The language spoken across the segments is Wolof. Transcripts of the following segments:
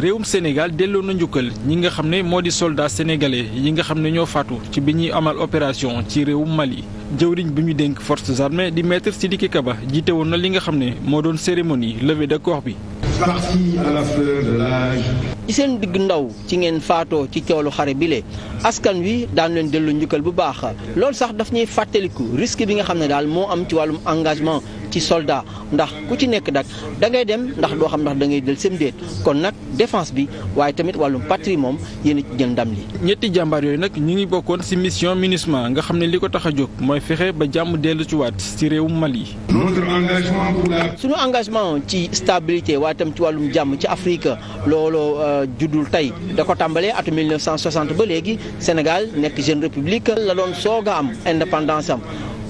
réewum Sénégal delloo na njukkal ñi nga xam ne moo di soldat sénégalais yi nga xam ne ñoo faatu ci bi ñuy amal opération ci réewum Mali. jëwriñ bi ñu dénk forces armées di maître Sidiki Kaba jiite woon na li nga xam ne moo doon cérémonie levée de corps bi. Parti à la fleur de ci seen digg ndaw ci ngeen faatoo ci coolu xare bile askan wi daan leen dellu njukkal bu baax loolu sax daf ñuy fàttaliku risque bi nga xam ne daal moo am ci wàllum engagement ci soldaa ndax ku ci nekk dak da ngay dem ndax doo xam ndax da ngay del seen déet kon nag défense bi waaye tamit wàllum patrie moom yéen a ci jël ndam li ñetti jàmbaar yooyu nag ñu ngi bokkoon ci mission MINUSMA nga xam ne li ko tax a jóg mooy fexe ba jàmm dellu ci waat réewum Mali. suñu engagement ci stabilité waaye tam ci wàllum jàmm ci Afrique looloo euh, juddul tey da ko tàmbalee atu 1960 ba léegi Sénégal nekk jeune république la doon soog a am indépendance am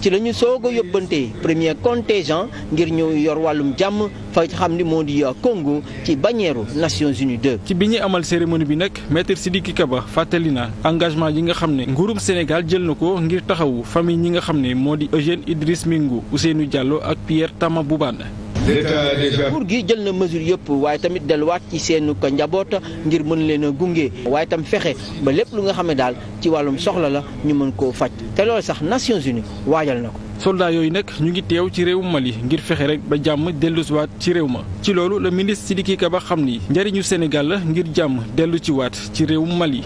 ci la ñu soog a yóbbante premier contingent ngir ñëw yor wàllum jàmm fa xam ni moo di Congo ci bannière Nations Unies 2. ci bi ñuy amal cérémonie bi nag maître Sidiki Kaba fàttali na engagement yi nga xam ne nguurub Sénégal jël na ko ngir taxawu famille ñi nga xam ne moo di Eugène Idriss Mingu Ousseynou Diallo ak Pierre Tama Boubane. nguur gi jël na mesure yëpp waaye tamit delluwaat ci seenu ko njaboota ngir mën leen a gunge waaye tam fexe ba lépp lu nga xam daal ci wàllum soxla la ñu mën koo faj te loolu sax Nations Unies waajal na ko. soldat yooyu nag ñu ngi teew ci réew Mali ngir fexe rek ba jàmm dellusiwaat ci réew ma ci loolu la ministre Sidiki Kaba xam ni njëriñu Sénégal la ngir jàmm dellu ci waat ci réew Mali.